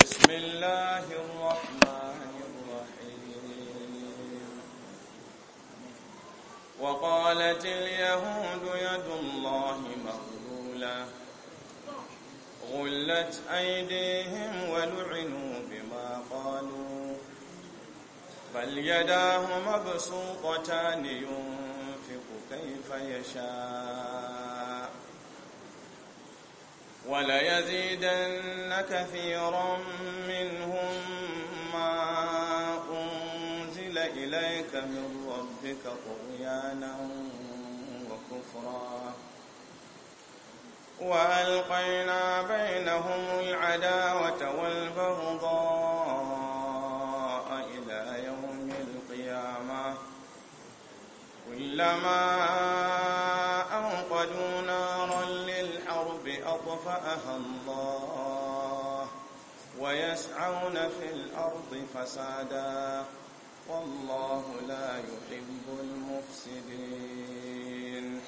بسم الله الرحمن الرحيم وقالت اليهود يد الله مغلولة غلت أيديهم ولعنوا بما قالوا بل يداه مبسوطتان ينفق كيف يشاء وليزيدن كثيرا منهم ما أنزل إليك من ربك طغيانا وكفرا وألقينا بينهم العداوة والبغضاء إلى يوم القيامة كلما ويسعون في الأرض فسادا والله لا يحب المفسدين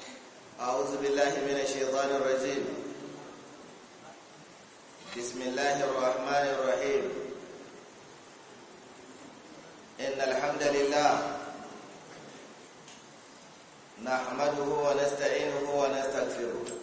أعوذ بالله من الشيطان الرجيم بسم الله الرحمن الرحيم إن الحمد لله نحمده ونستعينه ونستغفره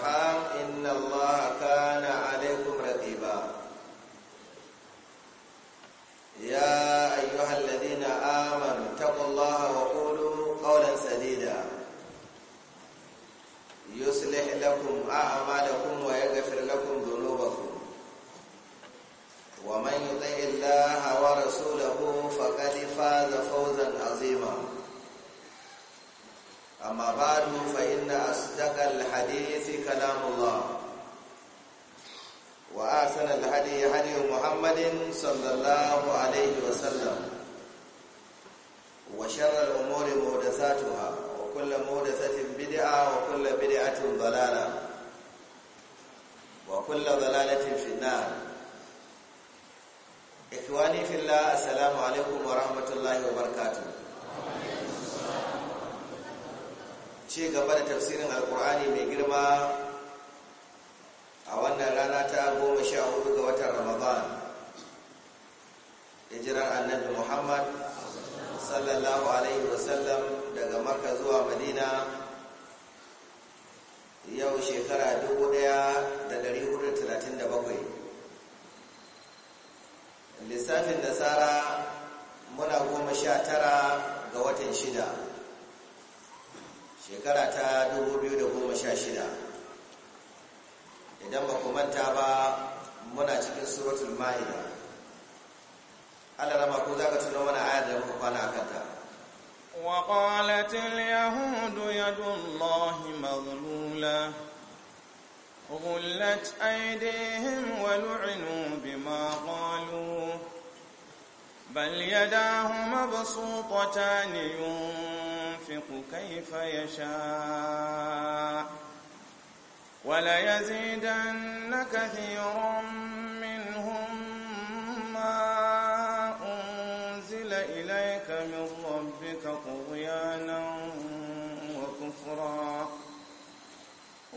الله وقولوا قولا سديدا يصلح لكم أعمالكم ويغفر لكم ذنوبكم ومن يطع الله ورسوله فقد فاز فوزا عظيما أما بعد فإن أصدق الحديث كلام الله وأحسن الهدي هدي محمد صلى الله عليه وسلم وشر الأمور مهدساتها وكل مهدسة بدعة وكل بدعة ضلالة وكل ضلالة في النار إخواني في الله السلام عليكم ورحمة الله وبركاته شيء قبل تفسير القرآن بقرمة a wannan rana ta goma sha hudu ga watan ramadan hijirar annabi muhammad sallallahu alaihi wasallam daga maka zuwa madina yau shekara 1437 lissafin nasara muna goma sha tara ga watan shida shekara ta 2016 idan ba ku manta ba muna cikin suratul ma'ida Allah rama ko zaka tura mana aya da muka kwana akan ta wa qalat al yahud yadu Allah maghlula غلت أيديهم ولعنوا بما قالوا بل يداه مبسوطتان ينفق كيف يشاء وليزيدن كثيرا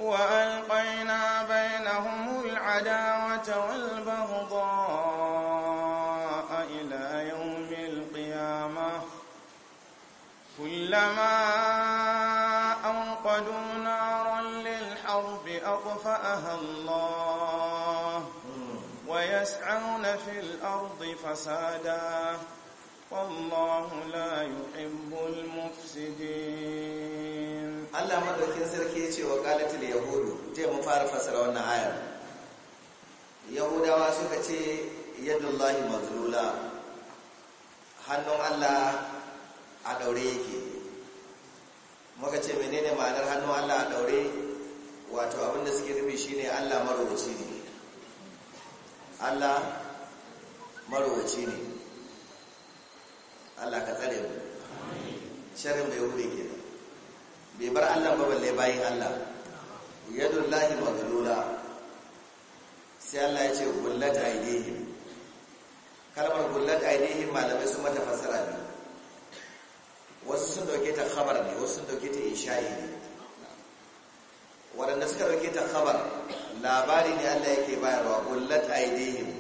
وألقينا بينهم العداوة والبغضاء إلى يوم القيامة كلما أوقدوا نارا للحرب أطفأها الله ويسعون في الأرض فسادا والله لا يحب المفسدين Allah madaukin sarki ya ce wa qalatul yahudu je mun fara fasara wannan ayar yahudawa suka ce yadullahi mazlula hannun Allah a daure yake muka ce menene ma'anar hannun Allah a daure wato abin da suke nufi shine Allah marowaci ne Allah marowaci ne Allah ka tsare mu sharrin bai hude kenan bai bar Allah ba balle bayin Allah yadullahi maghlula sai Allah ya ce gullat aidihim kalmar gullat aidihim malamai su mata fassara ne wasu sun dauke ta khabar ne wasu sun dauke ta insha'i ne waɗanda suka dauke ta khabar labari ne Allah yake bayarwa gullat aidihim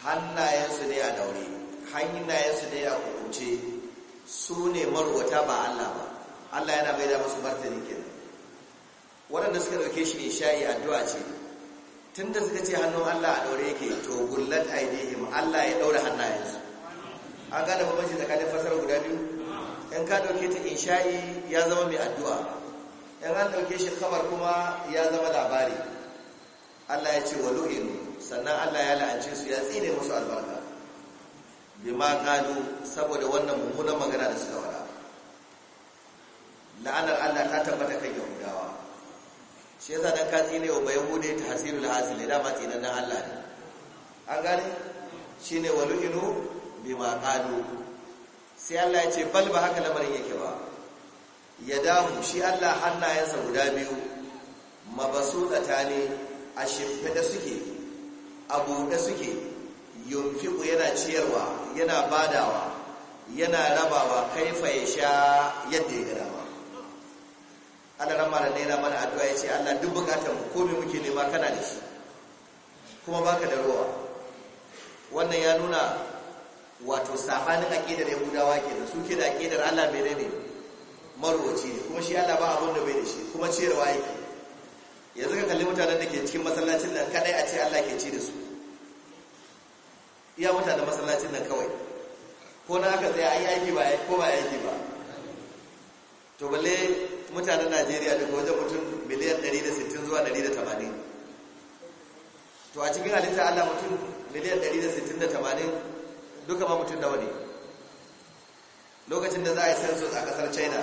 hannayensu ne a daure hannayensu ne a kukunce su ne marwata ba Allah ba Allah yana bai da masu martani kenan waɗanda suka ɗauke shi ne sha'i addu'a ce Tun da suka ce hannun Allah a ɗaure yake to gullat aidihim Allah ya daura hannayensu an gane bambanci tsakanin fasara guda biyu in ka ɗauke ta sha'i ya zama mai addu'a in an ɗauke shi kamar kuma ya zama labari Allah ya ce wa lu'inu sannan Allah ya la'ance su ya tsine musu albarka bima qalu saboda wannan mummunan magana da suka la'anar Allah ta tabbata kan yahudawa shi yasa dan ka tsine wa ba yahude ta hasirul hasil da ma tsinan nan Allah ne an gane shine walu'inu bima qalu sai Allah ya ce bal ba haka lamarin yake ba ya damu shi Allah hannayensa guda biyu mabasudata ne a da suke a buɗe suke yunfiku yana ciyarwa yana badawa yana rabawa kaifa ya sha yadda ya ba. ana rama da naira mana addu'a ya ce allah duk bukatar mu komai muke nema kana da shi kuma baka da ruwa wannan ya nuna wato sabanin ya yahudawa ke da su, ke da aqidar allah mai rai ne marwaci ne kuma shi allah ba abin da bai da shi kuma cewa yake yanzu ka kalli mutanen da ke cikin masallacin nan kadai a ce allah ke ci da su iya mutanen masallacin nan kawai ko na aka sai a yi aiki ba ko ba aiki ba to balle mutanen najeriya daga wajen mutum miliyan 160 zuwa 180 to a cikin halitta allah mutum miliyan 160 da 80 duka ma mutum nawa ne lokacin da za a yi census a kasar china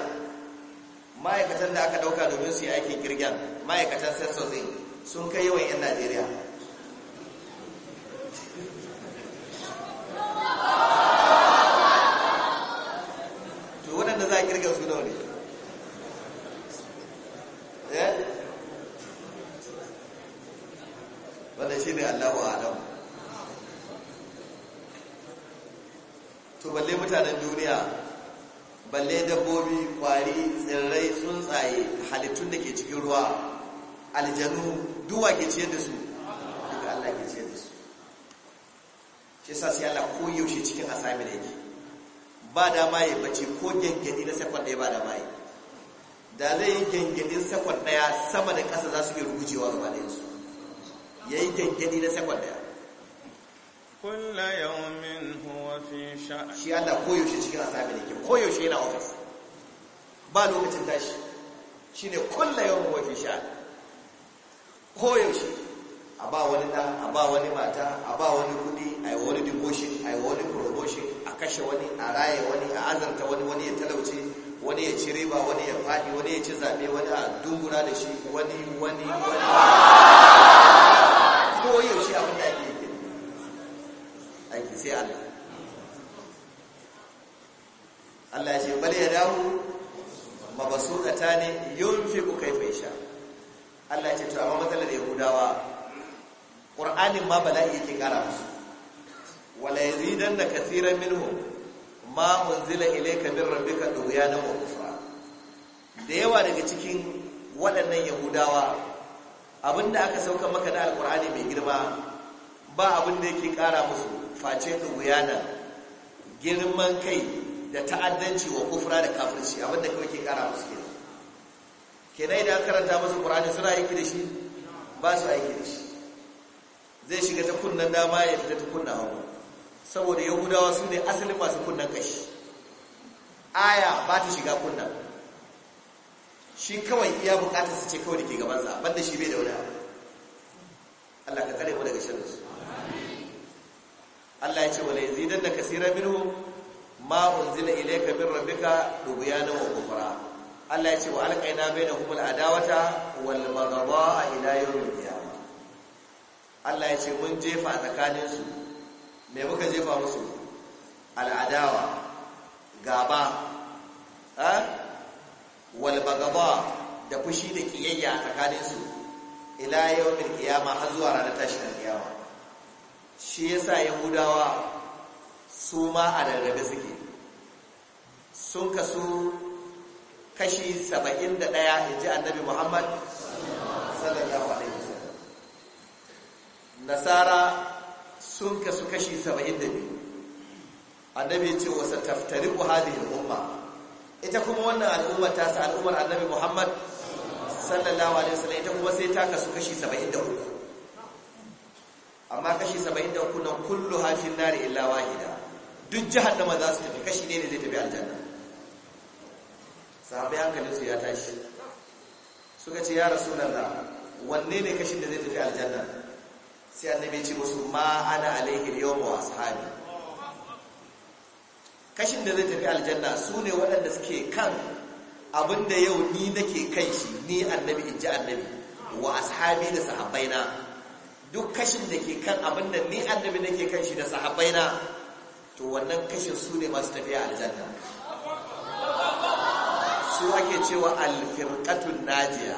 ma'aikatan da aka dauka domin su yi aikin kirgen ma'aikatan census din sun kai yawan 'yan najeriya to waɗanda za a kirga su nawa ne wanda shi ne allahu alam to balle mutanen duniya balle dabbobi kwari tsirrai tsuntsaye halittun da ke cikin ruwa aljanu duwa ke ciyar da su daga allah ke ciyar da su shi sa sai allah yaushe cikin da yake ba da maye bace ko gengedi na sakon ɗaya ba da maye da zai yi gengedin sakon ɗaya sama da ƙasa za su iya rugujewa gaba ɗayansu ya yi gangani na sakon daya kulla yawmin huwa fi sha'an shi Allah koyaushe cikin asabi ne ke koyaushe yana ofis ba lokacin tashi shine kulla yawmin huwa fi sha'an koyaushe a ba wani da a ba wani mata a ba wani kudi a yi wani demotion a yi wani promotion a kashe wani a raye wani a azarta wani wani ya talauce wani ya ci riba wani ya faɗi wani ya ci zaɓe wani a dungura da shi wani wani wani sai Allah Allah ya ce bal ya dawo mabasudata ne yunfiqu kayfa yasha Allah ya ce to amma matsalar yahudawa qur'anin ma bala'i yake ƙara. musu wala yazidanna kaseeran minhu ma unzila ilayka min rabbika dughyanan wa kufra da yawa daga cikin waɗannan yahudawa abinda aka sauka maka da alqur'ani mai girma ba abinda yake kara musu face ɗuguyana girman kai da ta'addanci wa kufra da kafirci abinda kawai ke kara musu ke kenan idan karanta musu qur'ani suna aiki da shi ba su aiki da shi zai shiga ta kunnan dama ya fita ta kunnan hagu saboda yahudawa su ne asalin masu kunnan kashi aya ba ta shiga kunna. shi kawai iya bukatar su ce kawai da ke gabansa banda shi bai da wani abu Allah ka tsare mu daga shirin su Allah ya ce wala yazidan da kasira minhu ma unzila ilayka min rabbika dubyana wa kufra Allah ya ce wa alqaina bainahum al'adawata wal maghdaba ila al qiyamah Allah ya ce mun jefa tsakanin su me muka jefa musu al'adawa gaba ha wal maghdaba da fushi da kiyayya tsakanin su ila al qiyamah har zuwa ranar tashin kiyama shi yasa yahudawa su ma a rarrabe suke sun kasu kashi 71 inji annabi muhammad sallallahu alaihi wasallam nasara sun kasu kashi 72 annabi ce wasa taftari ku al-umma ita kuma wannan al'ummar ta sa al'ummar annabi muhammad sallallahu alaihi wasallam ita kuma sai ta kasu kashi 73 amma kashi saba'in 73 na kullu hafin nari illa wahida duk jihar da maza su tafi kashi ne ne zai tafi aljanna sahabai hankalin su ya tashi suka ce ya rasu rasulullah wanne ne kashin da zai tafi aljanna sai annabi ya ce musu ma ana alaihi yawma wa ashabi kashin da zai tafi aljanna su ne waɗanda suke kan abinda yau ni nake kai shi ni annabi in ji annabi wa ashabi da na. duk kashin da ke kan abin da ni annabi nake kan shi da sahabbai na to wannan kashin su ne masu tafiya aljanna su ake cewa alfirqatun najiya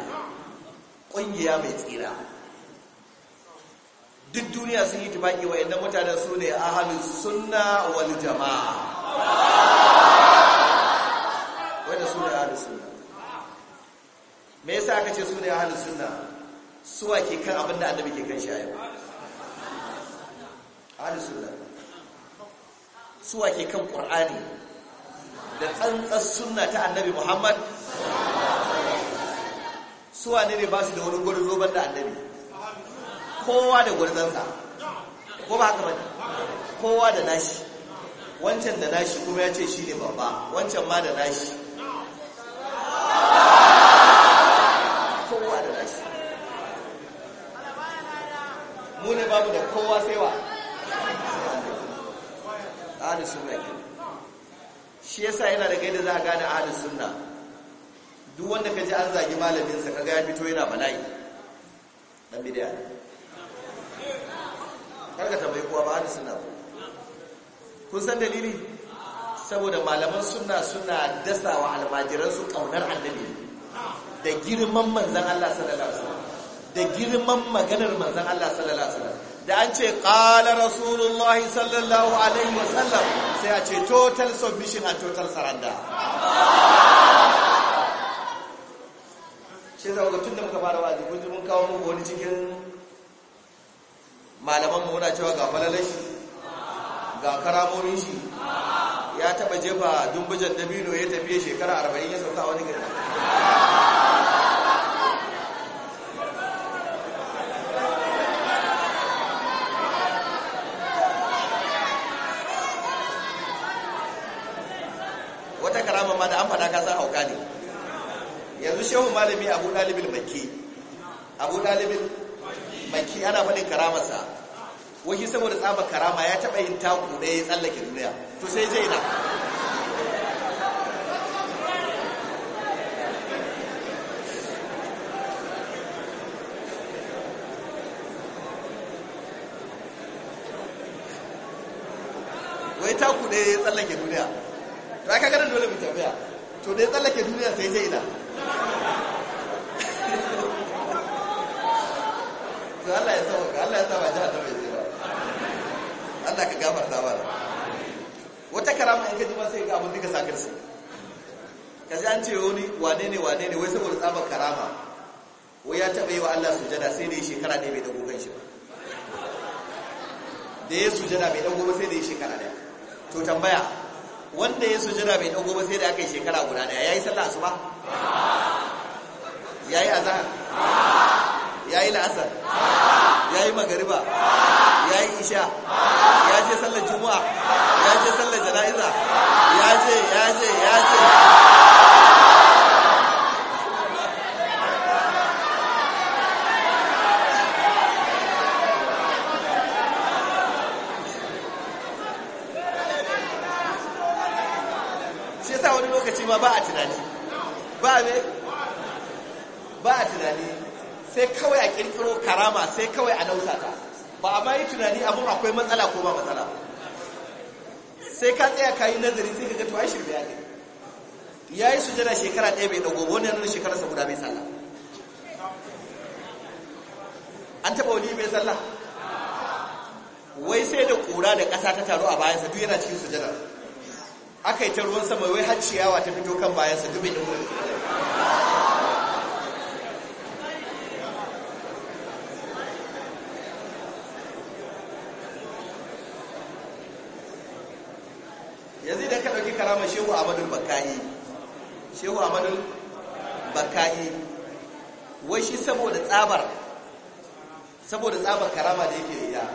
kungiya mai tsira duk duniya sun yi tubaki wa yadda mutanen su ne ahalus sunna wal jama'a wadda su ne ahalus sunna me yasa aka ce su ne ahalus sunna suwa ke kan abin da annabi ke kan shi a yau suwa ke kan ƙur'ani da tsantsar sunna ta annabi muhammad suwa ne ne ba su da wani gudun ban da annabi kowa da gudunansa ko ba haka bane kowa da nashi wancan da nashi kuma ya ce shi ne babba wancan ma da nashi mu ne babu da kowa sai wa ahli sunna shi yasa yana da gaida za a gane ahli sunna duk wanda ka ji an zagi malamin sa kaga ya fito yana bala'i dan bid'a karka tambayi kowa ba ahli sunna ku. kun san dalili saboda malaman sunna suna dasawa almajiransu kaunar annabi da girman manzon Allah sallallahu alaihi wasallam da girman maganar manzan Allah sallallahu alaihi wasallam da an ce qala rasulullah sallallahu alaihi wasallam sai a ce total submission a total surrender shi zaka tun da muka fara wazi kun mun kawo mu wani cikin malaman mu muna cewa ga falalai? shi ga karamomin shi ya taba jefa dumbujan dabino ya tafiye shekara 40 ya sauka wani gari ma da an faɗa ka san hauka ne yanzu shehu malami abu dalibin maki abu dalibin maki ana faɗin karamarsa wani saboda tsaba karama ya taɓa yin taku ɗaya ya tsallake duniya to sai je na wai taku ɗaya ya tsallake duniya to aka duniya to dai tsallake duniya sai sai ina to Allah ya saba Allah ya saba jihar da bai sai ba Allah ka gafarta mana wata karama in ka ji ba sai ga abin duka ka sakar su ka ji an ce wani wane ne wane ne wai saboda tsabar karama wai ya taɓa yi wa Allah sujada sai da yi shekara ɗaya bai dago kan shi ba da ya sujada bai dago ba sai da yi shekara ɗaya to tambaya wanda ya sujada bai dago ba sai da aka yi shekara guda daya yayi sallah asuba yayi azhar yayi la'asar yayi magariba yayi isha ya je sallar juma'a ya je sallar jana'iza ya je ya je ya je ma ba a tunani ba me ba a tunani sai kawai a kirkiro karama sai kawai a nauta ta ba a ma yi tunani abin akwai matsala ko ba matsala sai ka tsaya ka yi nazari sai ka ga tuwa shirme ne ya yi sujada shekara ɗaya bai ɗago wani yanar shekara sa guda mai sallah an taɓa wani mai sallah wai sai da ƙura da ƙasa ta taru a bayansa duk yana cikin sujada aka yi ta ruwan sama wai har ciyawa ta fito kan bayansa dubin wani. yanzu idan ka ɗauki karamar shehu Amadu bakayi shehu amadul bakayi wai shi saboda tsabar saboda tsabar karama da yake da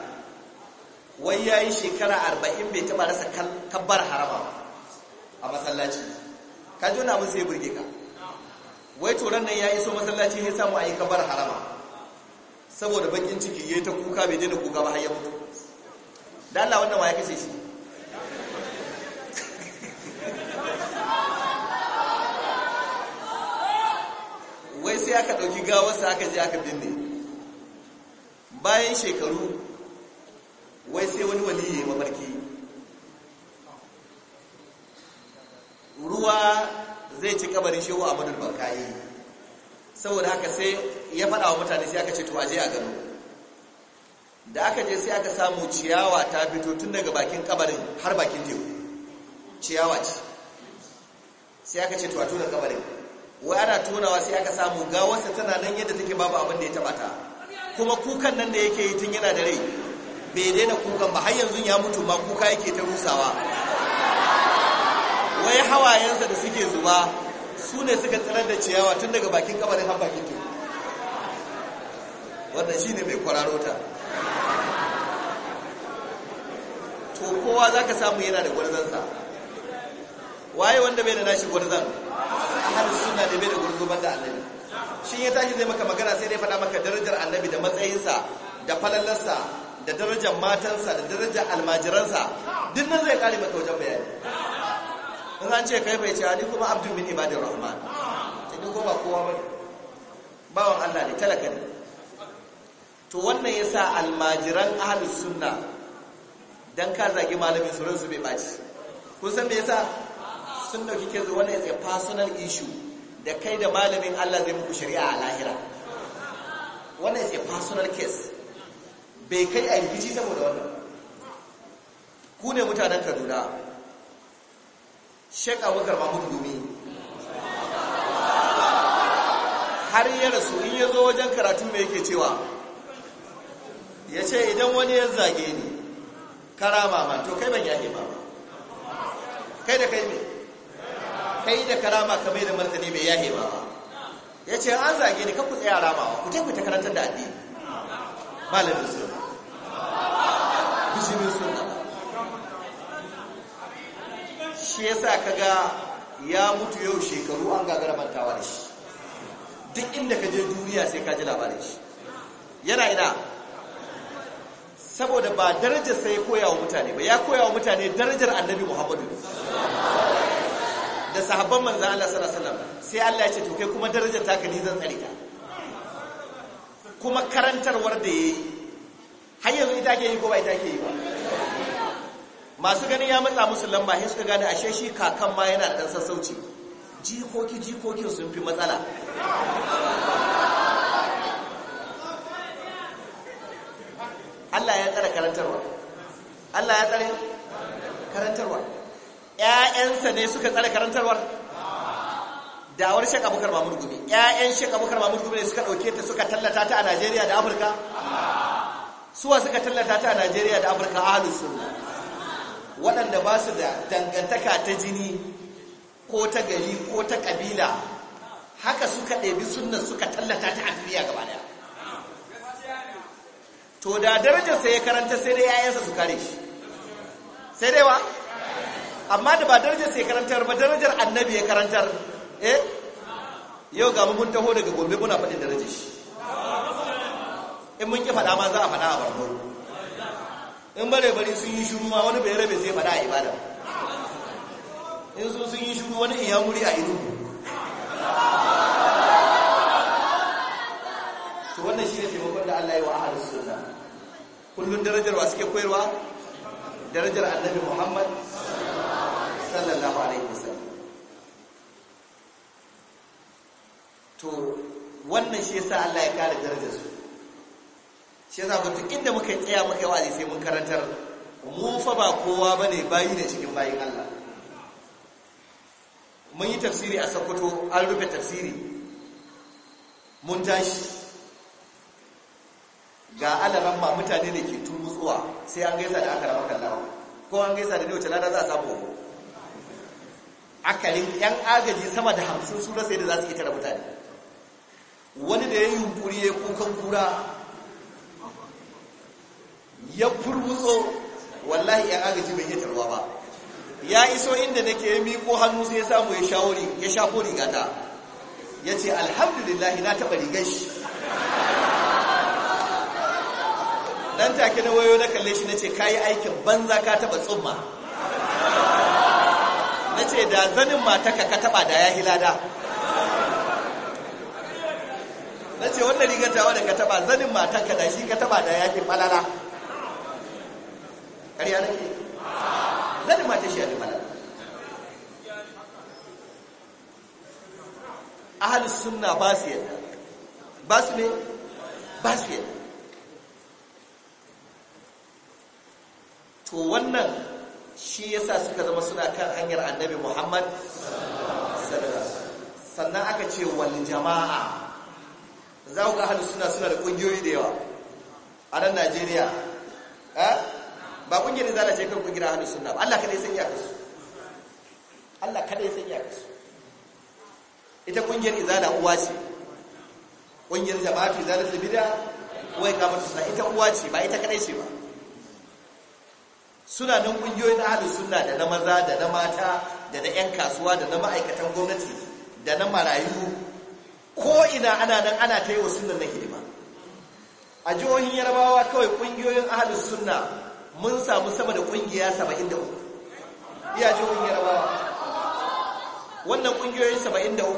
wai ya yi shekara arba'in bai taɓa rasa kabbar harama ba a masallaci ka ji wani sai burge ka wai turan nan ya iso masallaci ya samu a yi kabar harama saboda bakin ciki ya yi ta kuka bai daina kuka ba har ya mutu da Allah wannan wa ya kashe shi wai sai aka ɗauki gawarsa aka je aka binne bayan shekaru wai sai wani waliyi mafarki ruwa zai ci kabarin shehu a madul barkayi saboda haka sai ya faɗa wa mutane sai aka ce to aje a gano da aka je sai aka samu ciyawa ta fito tun daga bakin kabarin har bakin teku ciyawa ce sai aka ce to a tona kabarin wai ana tonawa sai aka samu gawarsa tana nan yadda take babu abin da ya taba ta kuma kukan nan da yake yi tun yana da rai bai daina kukan ba har yanzu ya mutu ma kuka yake ta rusawa wai hawayensa da suke zuba su ne suka tsirar da ciyawa tun daga bakin kabarin har bakin teku wannan ne mai kwararo ta to kowa za ka samu yana da gwarzansa waye wanda bai da nashi gwarzan har suna da bai da gurguban da annabi shi ya tashi zai maka magana sai dai faɗa maka darajar annabi da matsayinsa da falalarsa da darajar matansa da darajar almajiransa duk nan zai kare maka wajen bayani in an ce kai bai ce ni kuma abdul min ibadir rahman ta duk ba kowa bane bawan Allah ne talaka ne to wannan yasa almajiran ahlus sunna dan ka zagi malamin su bai baci kun san me yasa sun dauki ke zuwa ne personal issue da kai da malamin Allah zai muku shari'a a lahira wannan is a personal case bai kai a rikici saboda wannan ku ne mutanen Kaduna shek abubakar mahmud gumi har ya rasu in ya zo wajen karatu mai yake cewa ya ce idan wani ya zage ni karama ma to kai ban yaƙi ba kai da kai ne kai da karama ka mai da martani mai yaƙi ba ya ce an zage ni kakku tsaye a ramawa ku tafi ta karantar da addini malamin su bishirin su shi yasa kaga ya mutu yau shekaru an gagara mantawa da shi duk inda ka je duniya sai ka ji labarin shi yana ina saboda ba darajar sai koya wa mutane ba ya koya wa mutane darajar annabi muhammadu da sahabban manzan Allah sallallahu alaihi sai Allah ya ce to kai kuma darajar taka ni zan tsare kuma karantarwar da yayi har yanzu ita ke yi ko ba ita ke yi ba masu ganin ya matsa musu lamba sai suka gane ashe shi kakan ma yana da ɗan sassauci jikoki jikokin sun fi matsala Allah ya tsara karantarwa Allah ya tsara karantarwa ƴaƴansa ne suka tsara karantarwar dawar Sheikh Abubakar Mahmud Gumi ƴaƴan Sheikh Abubakar Mahmud Gumi suka dauke ta suka tallata ta a Najeriya da Afirka suwa suka tallata ta a Najeriya da Afirka ahlus sunna waɗanda ba su da dangantaka ta jini ko ta gari ko ta ƙabila haka suka ɗabi sunan suka tallata ta afiriya gaba daya to da darajarsa ya karanta sai dai yayansa su kare shi sai dai wa amma da ba darajarsa ya karantar ba darajar annabi ya karantar eh yau ga mun taho daga gobe muna faɗin darajar shi in mun ki faɗa ma za a faɗa a barbaro in bare bari sun yi shuru ma wani bai rabe sai fada a ibada in su sun yi shuru wani iya wuri a ido to wannan shi ne taimakon da Allah ya wa ahalus sunna kullum darajar wa suke koyarwa darajar annabi Muhammad sallallahu alaihi wasallam to wannan shi yasa Allah ya kare darajar su shi yasa ba duk inda muka tsaya muka wa'azi sai mun karantar mu fa ba kowa bane bayi ne cikin bayin Allah mun yi tafsiri a Sokoto an rufe tafsiri mun tashi ga alaran ba mutane da ke zuwa sai an gaisa da aka rama kallawa ko an gaisa da ne wace lada za a samu akalin yan agaji sama da hamsin su rasa yadda za su yi tara mutane wani da ya yi yunkuri ya kukan kura ya furwutso wallahi ya agaji bai yi tarwa ba ya iso inda nake ya miko hannu sai ya samu ya shawori ya shafo rigata ya ce alhamdulillah na taɓa rigar shi ɗan take na wayo na kalle shi na ce kayi aikin banza ka taɓa tsumma na ce da zanin mataka ka taɓa da ya hilada na ce wannan rigatawa da ka taɓa zanin mataka da shi ka taɓa da ya fi falala ƙarya nake zan ma ta shi almala ahlus suna ba su yadda ba su ne ba su yadda to wannan shi yasa suka zama suna kan hanyar annabi Muhammad sannan aka ce wal jama'a za ku ga ahlus sunna suna da ƙungiyoyi da yawa a nan Najeriya eh ba kungiyar zala ce kan kungiyar hannun sunna ba Allah kadai san iyakar su Allah kadai san iyakar su ita kungiyar izala uwa ce kungiyar jama'atu su bid'a wai kamar suna. ita uwa ce ba ita kadai ce ba suna nan kungiyoyin hannun sunna da na maza da na mata da na yan kasuwa da na ma'aikatan gwamnati da na marayu ko ina ana nan ana ta yi wa sunan na hidima a jihohin yarabawa kawai kungiyoyin ahalus sunna mun samu sama da kungiya 73 iya ji kungiyar ba wannan kungiyoyin 73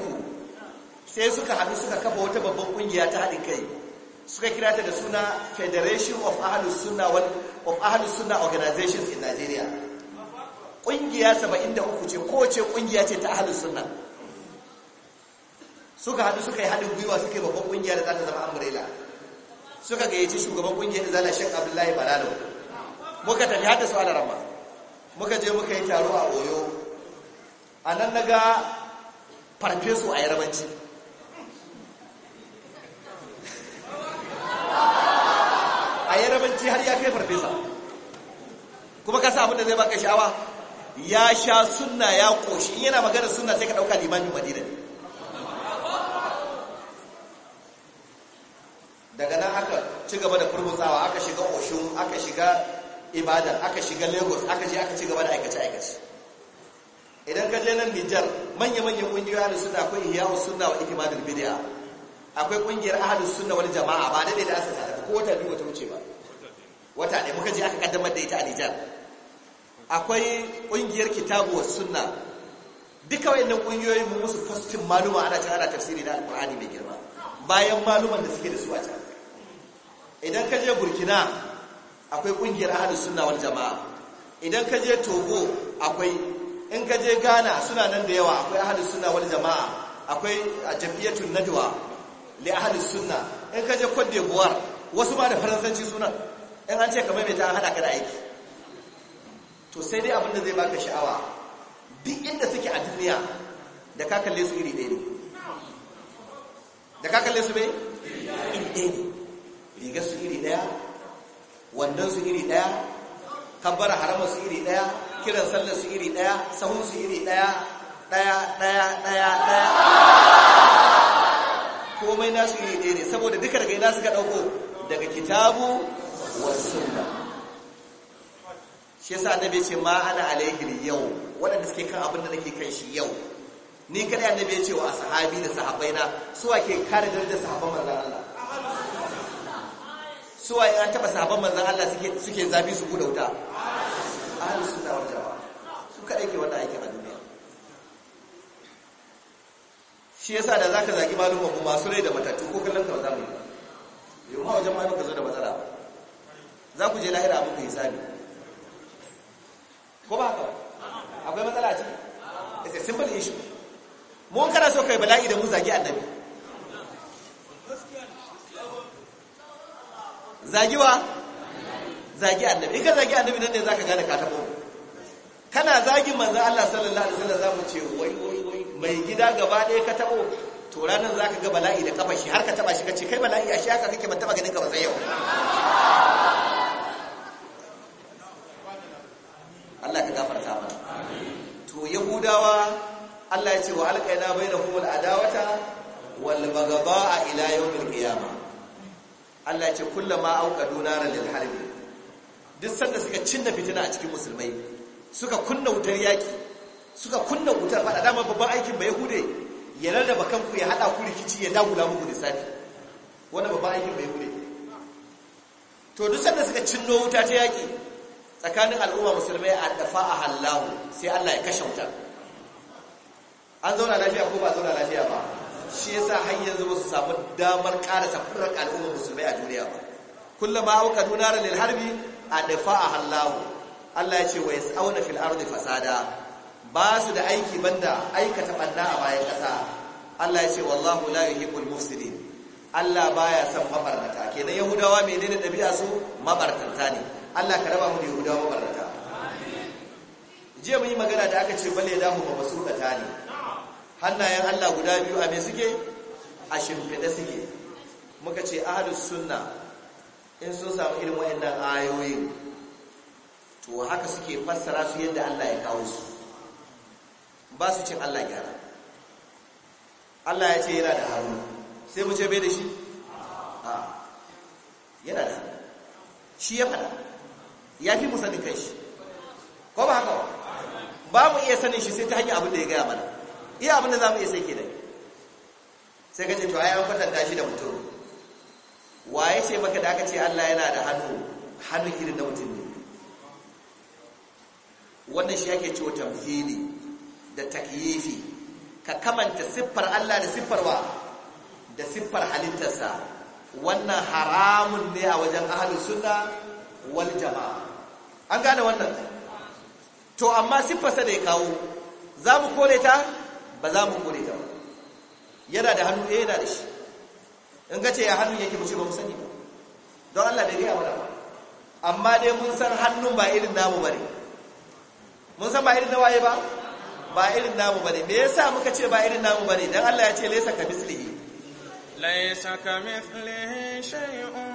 sai suka haɗu suka kafa wata babban kungiya ta haɗin kai suka kira ta da suna Federation of Ahlus Sunna of Ahlus Sunna Organizations in Nigeria kungiya 73 ce kowace kungiya ce ta Ahlus Sunna suka haɗu suka yi haɗin gwiwa suka yi babban kungiya da za ta zama umbrella suka gayyaci shugaban kungiyar da zala Sheikh Abdullahi Balalo muka tafi hada su alarama muka je muka yi taro a oyo a nan na ga farfesu a yarabanci a yarabanci har ya kai farfesa kuma kasa abinda zai baka sha'awa ya sha sunna ya koshi in yana magana suna sai ka ɗauka limanin madina daga nan aka ci gaba da furmutsawa aka shiga oshun aka shiga ibadan aka shiga lagos aka je aka ci gaba da aikace-aikace idan ka je nan nijar manya-manya kungiyoyi ahlus sunna akwai ihya'u sunna wa ikmadul bid'a akwai kungiyar ahlus sunna wani jama'a ba dai da asasa ta ko wata biyu wata wuce ba wata ne muka je aka kaddamar da ita a nijar akwai kungiyar kitabu wa sunna duka wayannan kungiyoyi mu musu fastin maluma ana cin ana tafsiri da alqur'ani mai girma bayan maluman da suke da su a can idan ka je burkina akwai kungiyar Ahadu sunna wal jamaa idan ka je togo akwai in ka je ghana suna nan da yawa akwai Ahadu sunna wal jamaa akwai a jam'iyyatun najwa li Ahadu sunna in ka je cote d'ivoire wasu ma da faransanci sunan in an ce kamar mai ta hada ka da aiki to sai dai abinda zai baka sha'awa duk inda suke a duniya da ka kalle su iri ɗaya ne da ka kalle su bai iri ɗaya ne rigar su iri ɗaya wandon su iri daya kabbara harama su iri daya kiran sallar su iri daya sahun su iri daya daya daya daya daya komai nasu iri daya ne saboda duka daga yana suka dauko daga kitabu wa sunna shi yasa annabi ce ma ana alaihi yau waɗanda suke kan abin da nake kan shi yau ni kada annabi ya ce wa sahabi da sahabbaina su ake kare darajar sahabban manzon Allah suwa in an taba sahabban manzan Allah suke zafi su buɗe wuta ahlus suna wal jamaa su kaɗai ke wanda aikin a duniya shi yasa da za ka zagi malumma kuma masu rai da matattu ko kallon ka zamu yau ma wajen ma baka zo da matsala za ku je lahira abin yi sami ko ba haka akwai matsala ce it's a simple issue mun kana so kai bala'i da mu zagi annabi zagiwa zagi annabi in ka zagi annabi nan ne zaka gane ka tabo kana zagin manzo Allah sallallahu alaihi wasallam zamu ce wai wai wai mai gida gaba ɗaya ka tabo to ranar zaka ga bala'i da kafa shi har ka taba shi kace kai bala'i a shi haka kake ban taba ganin ka ba sai yau Allah ka gafarta mana to yahudawa Allah ya ce wa alqaina bainahum al-adawata wal baghdha ila yawm al-qiyamah Allah ce kullama auqadu naran lil harbi duk sanda suka cinna fitina a cikin musulmai suka kunna wutar yaki suka kunna wutar da dama babban aikin ba yahude ya rarraba kanku ya hada ku rikici ya dagula muku lissafi wannan babban aikin ba yahude to duk sanda suka cinno wuta ta yaki tsakanin al'umma musulmai a dafa a hallahu sai Allah ya kashe wuta an zauna lafiya ko ba zauna lafiya ba shi yasa har yanzu ba su samu damar ƙara safurar al'ummar musulmai a duniya ba kullum ma auka dunarar lil harbi a dafa a hallahu Allah ya ce wa yas'auna fil ardi fasada ba su da aiki banda aikata banna a bayan ƙasa. Allah ya ce wallahu la yuhibbul mufsidin Allah baya son mabarnata kenan yahudawa menene dabi'a su mabartanta ne Allah ka raba mu da yahudawa mabarnata jiya mun yi magana da aka ce bale da mu ba basu da tani hannayen Allah guda biyu a mai suke a shimfiɗe suke muka ce ahlus sunna in sun samu irin waɗannan ayoyin to haka suke fassara su yadda Allah ya kawo su ba su cin Allah gyara Allah ya ce yana da haru sai mu ce bai da shi a yana da shi ya fada ya fi musanin kai shi ko ba haka ba ba mu iya sanin shi sai ta hanyar abin da ya gaya mana iya abin da za mu iya sai da sai ka ce to ai an kwatanta shi da mutum waye ce maka da aka ce Allah yana da hannu hannu irin na mutum ne wannan shi ake cewa tamthili da takyifi ka kamanta siffar Allah da siffar wa da siffar halittarsa wannan haramun ne a wajen ahalin sunna wal jamaa an gane wannan to amma siffarsa da ya kawo za mu kore ta ba za mu kore ta ba yana da hannu ɗaya yana da shi in ka ce ya hannun yake mace ba mu sani ba don Allah da gaya wala amma dai mun san hannun ba irin namu bane mun san ba irin na waye ba ba irin namu bane me yasa muka ce ba irin namu bane dan Allah ya ce laysa ka mislihi laysa ka mislihi shay'un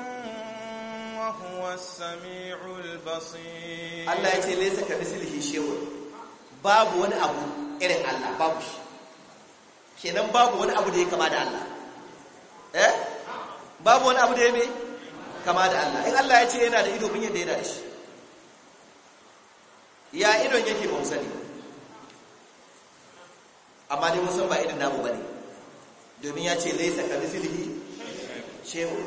wa huwa as-sami'ul basir Allah ya ce laysa ka mislihi shay'un babu wani abu irin Allah babu shi kenan babu wani abu da ya kama da Allah eh babu wani abu da ya mai kama da Allah in Allah ya ce yana da ido mun yadda ya da shi ya idon yake ba mu sani amma ne musan ba idan namu bane domin ya ce laisa ka mislihi shehu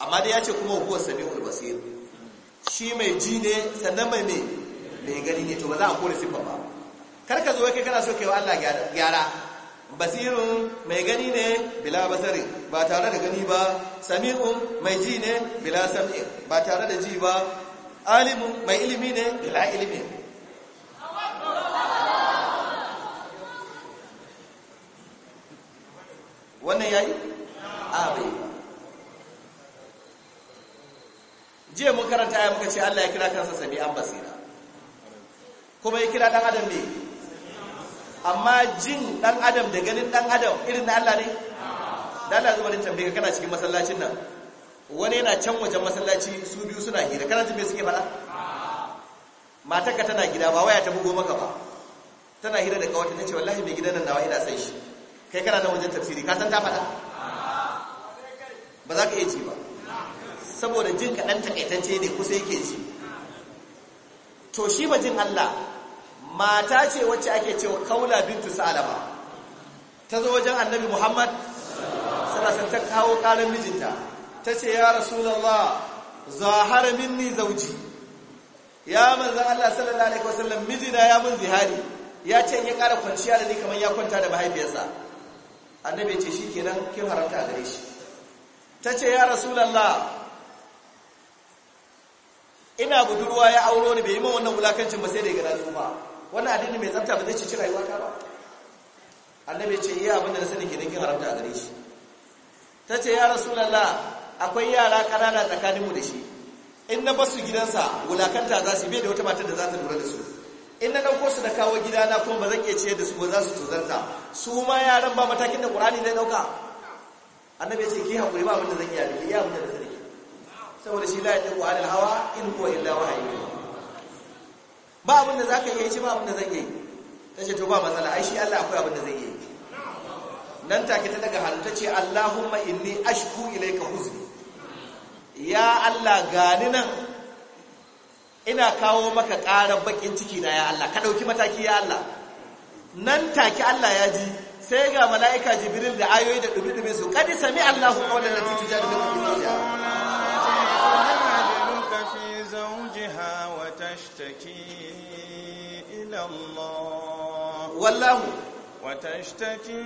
amma dai ya ce kuma huwa samiul basir shi mai ji ne sannan mai mai gani ne to ba za a kore sifa ba Karka zuwa zo kai kana so kai wa Allah gyara basirun mai gani ne bila basari ba tare da gani ba sami'un mai ji ne bila sam'i ba tare da ji ba alimun mai ilimi ne bila ilimi wannan yayi abai jiya mun karanta ya muka ce Allah ya kira kansa sami'an basira kuma ya kira dan adam ne amma jin dan adam da ganin dan adam irin na Allah ne da Allah ne tambaye kana cikin masallacin nan wani yana can wajen masallaci su biyu suna hira kana jin me suke fada matarka tana gida ba waya ta bugo maka ba tana hira da kawata tace wallahi mai gidan nan nawa ina san shi kai kana nan wajen tafsiri ka san ta fada ba za ka iya ci ba saboda jin kaɗan takaitacce ne kusa yake ji to shi ba jin Allah mata ce wacce ake cewa kaula bintu salama ta zo wajen annabi muhammad san ta kawo karin mijinta ta ce ya rasulallah zahara minni zauji ya manzan allah sallallahu alaihi wasallam mijina ya mun zihari ya ce in ya kara kwanciya da ni kamar ya kwanta da mahaifiyarsa annabi ce shi kenan kin haramta a gare shi ta ce ya rasulallah ina budurwa ya auro ni bai yi min wannan wulakancin ba sai da ya gada ba. wannan addini mai tsafta ba zai cici rayuwa ta ba annabi ya ce iya abin da na sani ke kin haramta a gare shi ta ce ya rasulallah akwai yara kanana tsakaninmu da shi in na basu gidansa wulakanta za su bai da wata mata da za ta lura da su in na ɗauko su da kawo gidana kuma ba zan iya ciyar da su ba za su tuzarta su ma yaran ba matakin da ƙurani zai ɗauka annabi ya ce ki haƙuri ba abin da zan iya a ke iya abinda da na sani saboda shi la ya ɗauko alal hawa in huwa illa wahayi ba abinda za ka iya ce ba abinda da zan yi ta ce to ba matsala ai shi Allah akwai abinda zan zai yi nan take ta daga hannu ta ce Allahumma inni ashku ilayka huzni ya Allah gani nan ina kawo maka ƙarar bakin ciki na ya Allah ka ɗauki mataki ya Allah nan take Allah ya ji sai ga mala'ika jibril da ayoyi da ɗumi-ɗumi su kadi sami Allahu ƙaunar da tutu jami'in da tutu وتشتكي إلى الله والله وتشتكي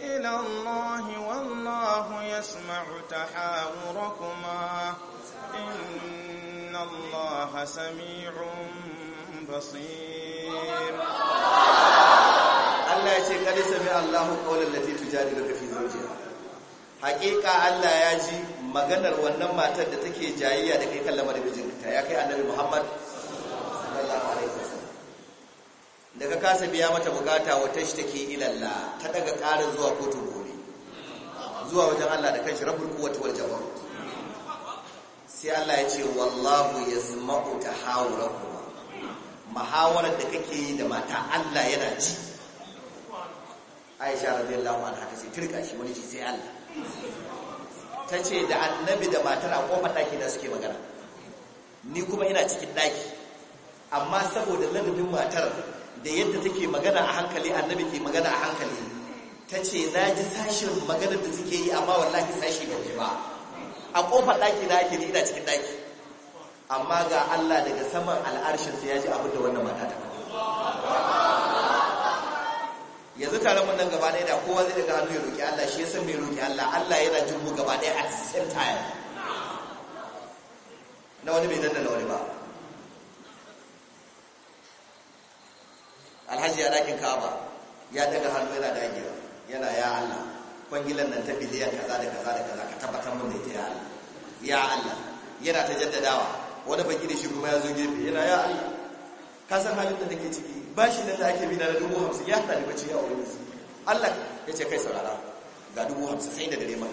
إلى الله والله يسمع تحاوركما إن الله سميع بصير الله يتكلم سمع الله قول التي تجادلك في زوجها haƙiƙa Allah ya ji maganar wannan matar da take jayayya da kai kan lamarin mijinta ya kai annabi Muhammad sallallahu alaihi wasallam da ka kasa biya mata bukata wa tashtaki ila Allah ta daga ƙarin zuwa kotu gobe zuwa wajen Allah da kanshi rabbul quwwati wal jabr sai Allah ya ce wallahu yasma'u tahawurakum muhawarar da kake yi da mata Allah yana ji Aisha radiyallahu anha ta ce tirka shi wani ji sai Allah ta ce da annabi da matar a kofar ɗaki da suke magana ni kuma ina cikin ɗaki amma saboda ladabin matar da yadda take magana a hankali annabi ke magana a hankali ta ce na ji sashen maganar da suke yi amma wallahi sashi ba ba a kofar ɗaki na ake ina cikin ɗaki amma ga Allah daga saman al'arshinsa ya ji abin da wannan mata yanzu taron mun nan gaba ɗaya da kowa zai daga hannu ya roƙi Allah shi ya san mai roƙi Allah Allah yana jin mu gaba ɗaya at the same time na wani bai danna wani ba alhaji ya dakin kaba ya daga hannu yana dagewa yana ya Allah kwangilan nan ta biliyan kaza da kaza da kaza ka tabbatar mun da ita ya Allah ya Allah yana ta jaddadawa wani baki da shi kuma ya zo gefe yana ya Allah ka san halin da take ciki bashin nan da ake bi na dubu hamsin ya hada da ya wuri su Allah ya ce kai saurara ga dubu hamsin sai da dare ma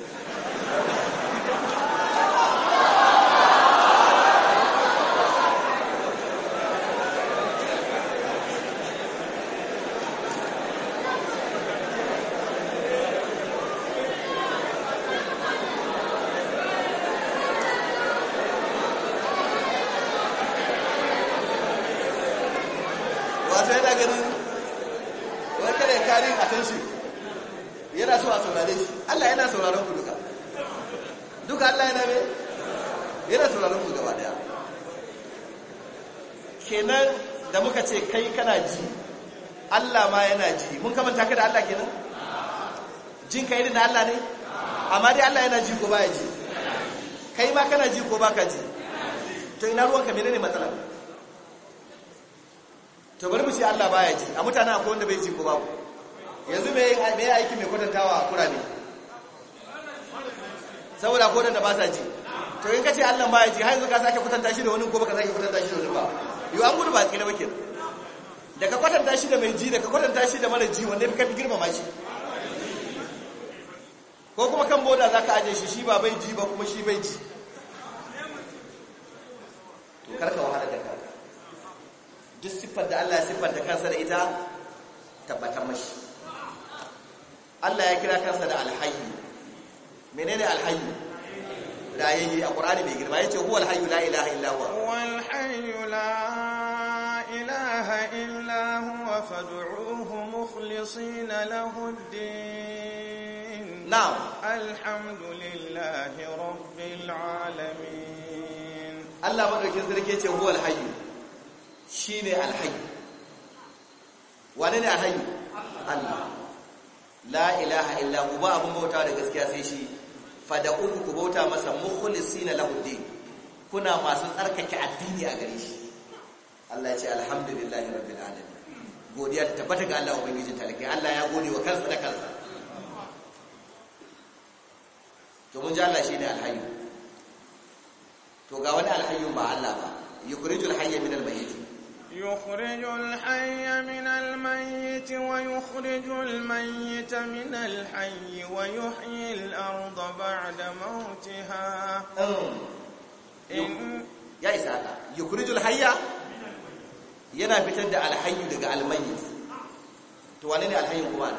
ma yana ji mun kamanta ka da Allah kenan jin ka irin Allah ne amma dai Allah yana ji ko baya ji kai ma kana ji ko baka ji to ina ruwan ka menene matsala to bari mu ce Allah baya ji a mutanen akwai wanda bai ji ko babu yanzu me me aiki mai kwatantawa a kurabe saboda ko da ba sa ji to in ka ce Allah baya ji har yanzu ka sake kwatanta shi da wani ko baka sake kwatanta shi da wani ba yau an gudu ba tsira ba kenan Daga ka kwatanta shi da mai ji daga ka kwatanta shi da mara ji wanda ka fi girmama shi ko kuma kan boda za ka ajiye shi shi ba bai ji ba kuma shi bai ji to karka wahala da kanka duk siffar da Allah ya siffanta kansa da ita tabbatar mashi Allah ya kira kansa da alhayyu menene alhayyu rayayye a Qur'ani mai girma yace huwal hayyu la ilaha illa huwa huwal hayyu la فادعوه مخلصين له الدين نعم الحمد لله رب العالمين الله مدركين سركيتي هو الحي شيني الحي wane ne alhayu Allah la ilaha illa hu ba abun bauta da gaskiya sai shi fada'u ku bauta masa mukhlisina lahu din kuna masu tsarkake addini a gare shi Allah ya ce alhamdulillahi rabbil alamin godiya ta tabbata ga Allah ubangijin talakai Allah ya gode wa kansa da kansa to mun ji Allah shine alhayyu to ga wani alhayyun ba Allah ba yukhrijul hayya min almayyit يخرج الحي من الميت ويخرج الميت من الحي ويحيي الأرض بعد موتها إن يا إسحاق يخرج الحي yana fitar da alhayu daga almayyit to wane ne alhayyu kuma ne?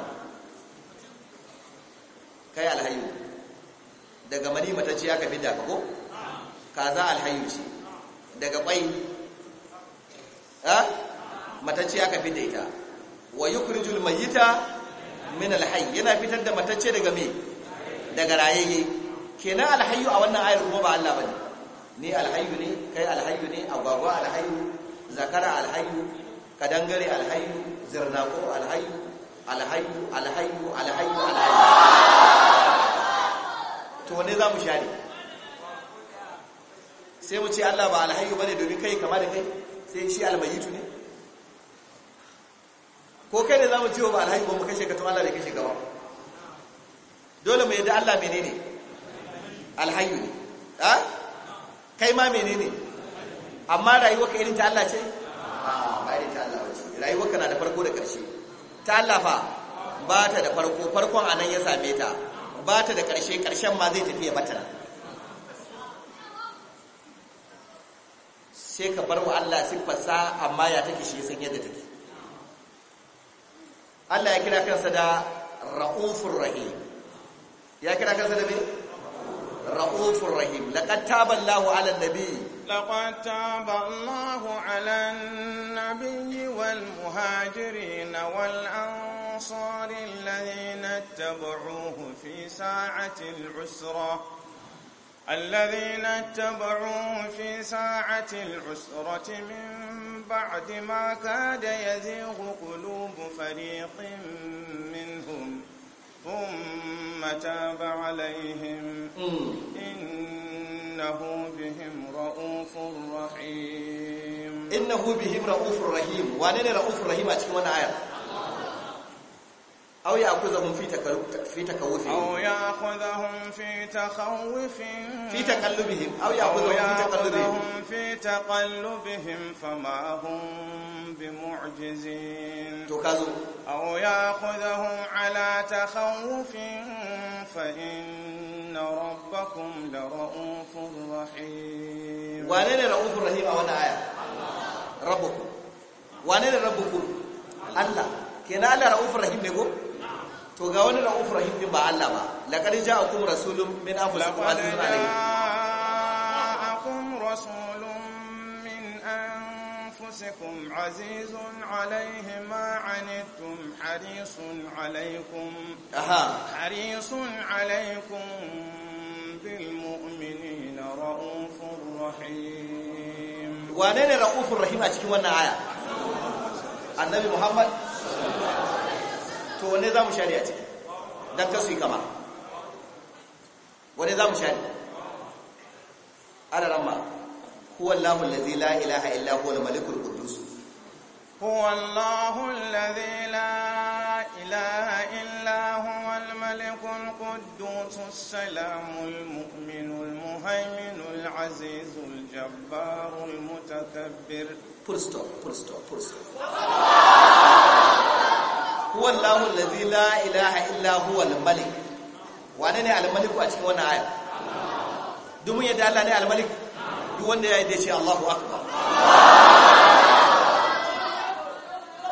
kai alhayu. daga mani matacce aka fidda ka ko kaza alhayyu ce daga kwai ha matacce aka fidda ita wa yukhrijul mayyita min alhayy yana fitar da matacce daga me daga rayayye kenan alhayu a wannan ayar kuma ba Allah bane ni alhayu ne kai alhayu ne agwagwa alhayu? zakara alhayu kadangare alhayu zirnako alhayu alhayu alhayu alhayu alhayu to ne za mu share sai mu ce Allah ba alhayu bane domin kai kama da kai sai shi almayitu ne ko kai ne za mu ciwo ba alhayu ba mu kashe ka to Allah da kashe gawa dole mu yadda Allah menene alhayu ne ha ah? kai ma menene amma rayuwarka irin ta Allah ce ba irin ta Allah ce rayuwarka na da farko da ƙarshe ta Allah fa ba ta da farko farkon anan ya same ta ba ta da ƙarshe ƙarshen ma zai tafi ya sai ka bar wa Allah siffarsa amma ya take shi san yadda take Allah ya kira kansa da ra'ufur rahim ya kira kansa da me ra'ufur rahim laqad taballahu 'ala an-nabi لقد تاب الله على النبي والمهاجرين والأنصار الذين اتبعوه في ساعة العسرة الذين اتبعوه في ساعة العسرة من بعد ما كاد يزيغ قلوب فريق منهم ثم تاب عليهم إنه بهم رؤوف رحيم إنه بهم رؤوف رحيم وانين رؤوف رحيم أتكلم أنا آية أو يأخذهم في في تخوف أو يأخذهم في تخوف في تقلبهم أو يأخذهم في تقلبهم فما هم بمعجزين أو يأخذهم على تخوف فإن rabbakum la ra'ufur rahim wane ne a wannan aya rabbukum wane ne rabbukum Allah kenan ko to ga wani ra'ufur rahim din ba Allah ba laqad ja'akum rasulun min anfusikum azizun alayhi ja'akum rasulun min anfusikum azizun alayhi ma 'anittum harisun alaykum aha harisun alaykum بالمؤمنين رؤوف رحيم وانين رؤوف رحيم اتكي وانا آية to wanne za mu share a ciki don kasu yi kama wanne za mu share ana huwa allahu allazi la ilaha illa huwa malikul huwa allahu allazi la ilaha السلام المؤمن المهيمن العزيز الجبار المتكبر full stop full stop full illa ne a cikin wannan aya duk yadda Allah ne al-malik duk wanda ya yadda shi Allahu akbar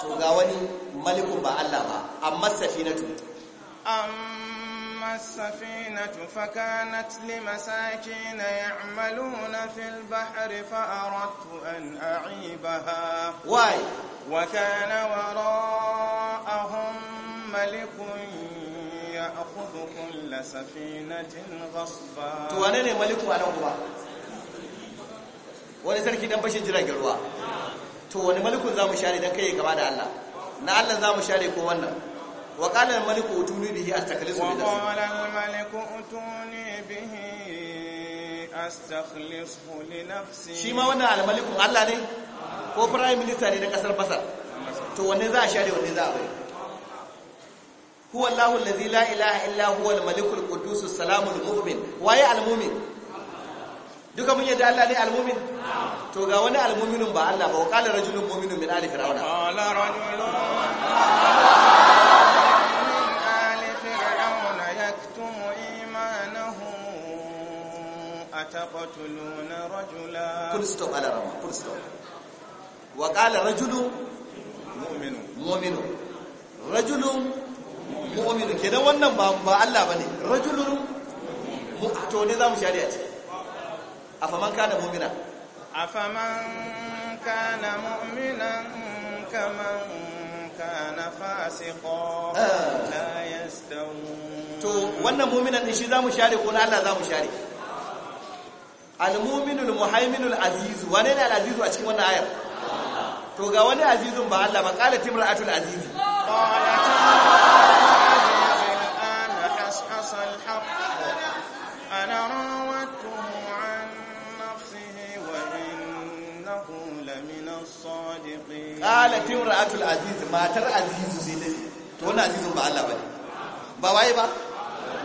to ga wani malikun ba Allah ba amma safinatu amma أما السفينة فكانت لمساكين يعملون في البحر فأردت أن أعيبها واي وكان وراءهم ملك يأخذ كل سفينة غصبا توانين ملك وانا هو wani sarki dan bashin jiragen ruwa to wani malikun za mu share dan kai gaba da Allah na Allah za mu share ko wannan وقال الملك اتوني به استخلصه لنفسي وقال الملك اتوني به استخلصه لنفسي shi ma wannan al Allah ne ko prime minister ne na kasar Masar to wanne za a share wanne za a bai huwa Allahu la ilaha illa huwa al-malik al salamu al-mu'min waye al duka mun yadda Allah ne al to ga wani al-mu'minun ba Allah ba wa qala rajulun mu'minun min ali fir'auna أتقتلون رجلا كل ستوب على رمى كل ستوب وقال رجل مؤمن مؤمن رجل مؤمن كده wannan ba Allah bane rajulun to ne zamu shari'a ce afaman kana mu'mina afaman kana mu'minan kaman kana fasiqan la yastawun to wannan mu'minan din shi zamu share ko na Allah share al-mu'minul muhaiminul azizu wane ne al-aziz a cikin wannan ayar to ga wani azizun ba Allah ba qala timra'atul azizi أنا راودته العزيز ما ترى عزيز تقول عزيز ba Allah bane ba waye ba